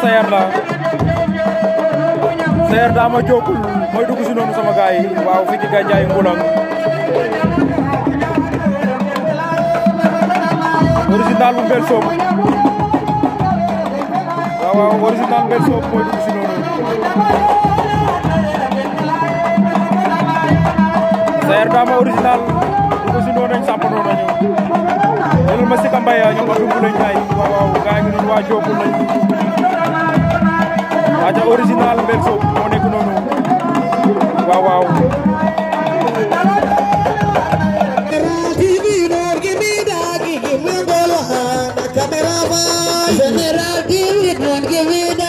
Sayer la Sayer daa ma jokkul mooy dugg si noonu sama gaay yi waaw fii ci Gandiaye Mbulang original bu Mbel Soop waaw waaw original Mbel Soop mooy dugg si noonu Sayer daa ma original dugg si noonu lañ sàpp noonu lañu jëlal ma si Kambaya ñu wax dugg lañ ay waaw waaw gaay yi ñu waa jokkul lañ aca waaw waaw General, give it, not give